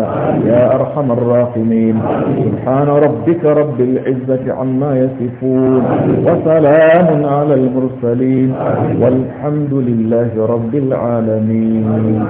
يا أرحم الراحمين سبحان ربك رب العزة عما عما يصفون وسلام على المرسلين والحمد لله رب العالمين